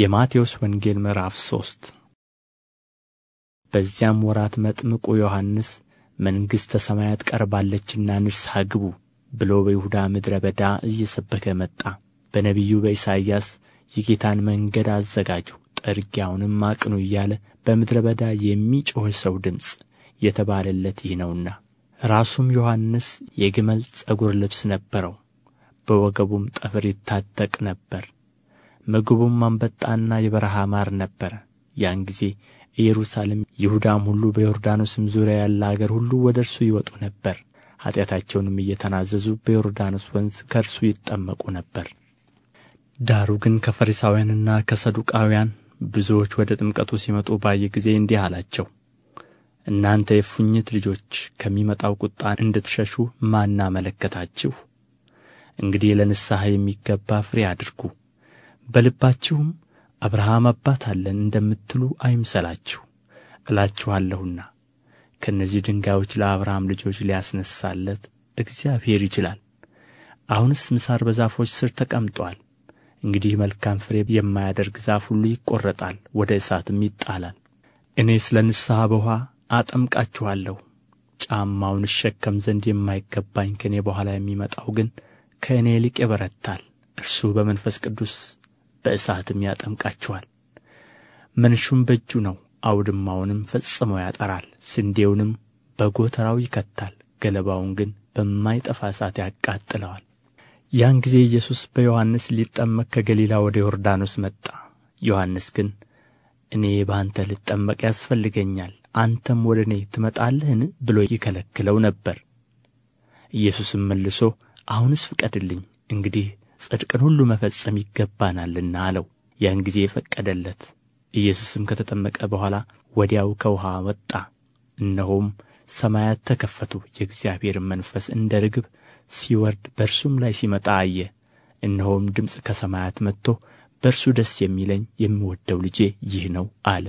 የማቴዎስ ወንጌል ምዕራፍ ሶስት በዚያም ወራት መጥምቁ ዮሐንስ መንግሥተ ሰማያት ቀርባለችና ንስሐ ግቡ ብሎ በይሁዳ ምድረ በዳ እየሰበከ መጣ። በነቢዩ በኢሳይያስ የጌታን መንገድ አዘጋጁ፣ ጥርጊያውንም አቅኑ እያለ በምድረ በዳ የሚጮህ ሰው ድምፅ የተባለለት ይህ ነውና። ራሱም ዮሐንስ የግመል ጸጉር ልብስ ነበረው፣ በወገቡም ጠፍር ይታጠቅ ነበር። ምግቡም አንበጣና የበረሃ ማር ነበረ ያን ጊዜ ኢየሩሳሌም ይሁዳም ሁሉ በዮርዳኖስም ዙሪያ ያለ አገር ሁሉ ወደ እርሱ ይወጡ ነበር ኃጢአታቸውንም እየተናዘዙ በዮርዳኖስ ወንዝ ከእርሱ ይጠመቁ ነበር ዳሩ ግን ከፈሪሳውያንና ከሰዱቃውያን ብዙዎች ወደ ጥምቀቱ ሲመጡ ባየ ጊዜ እንዲህ አላቸው እናንተ የእፉኝት ልጆች ከሚመጣው ቁጣ እንድትሸሹ ማን አመለከታችሁ እንግዲህ ለንስሐ የሚገባ ፍሬ አድርጉ በልባችሁም አብርሃም አባት አለን እንደምትሉ አይምሰላችሁ እላችኋለሁና ከእነዚህ ድንጋዮች ለአብርሃም ልጆች ሊያስነሳለት እግዚአብሔር ይችላል። አሁንስ ምሳር በዛፎች ስር ተቀምጧል እንግዲህ መልካም ፍሬ የማያደርግ ዛፍ ሁሉ ይቈረጣል፣ ወደ እሳትም ይጣላል። ስለ ንስሐ በውኃ አጠምቃችኋለሁ። ጫማውን እሸከም ዘንድ የማይገባኝ ከእኔ በኋላ የሚመጣው ግን ከእኔ ይልቅ ይበረታል፣ እርሱ በመንፈስ ቅዱስ በእሳትም ያጠምቃችኋል። መንሹም በእጁ ነው፣ አውድማውንም ፈጽሞ ያጠራል፣ ስንዴውንም በጎተራው ይከታል፣ ገለባውን ግን በማይጠፋ እሳት ያቃጥለዋል። ያን ጊዜ ኢየሱስ በዮሐንስ ሊጠመቅ ከገሊላ ወደ ዮርዳኖስ መጣ። ዮሐንስ ግን እኔ በአንተ ልጠመቅ ያስፈልገኛል፣ አንተም ወደ እኔ ትመጣለህን? ብሎ ይከለክለው ነበር። ኢየሱስም መልሶ አሁንስ ፍቀድልኝ፣ እንግዲህ ጽድቅን ሁሉ መፈጸም ይገባናልና አለው። ያን ጊዜ ፈቀደለት። ኢየሱስም ከተጠመቀ በኋላ ወዲያው ከውሃ ወጣ። እነሆም ሰማያት ተከፈቱ፣ የእግዚአብሔር መንፈስ እንደ ርግብ ሲወርድ በእርሱም ላይ ሲመጣ አየ። እነሆም ድምፅ ከሰማያት መጥቶ በእርሱ ደስ የሚለኝ የምወደው ልጄ ይህ ነው አለ።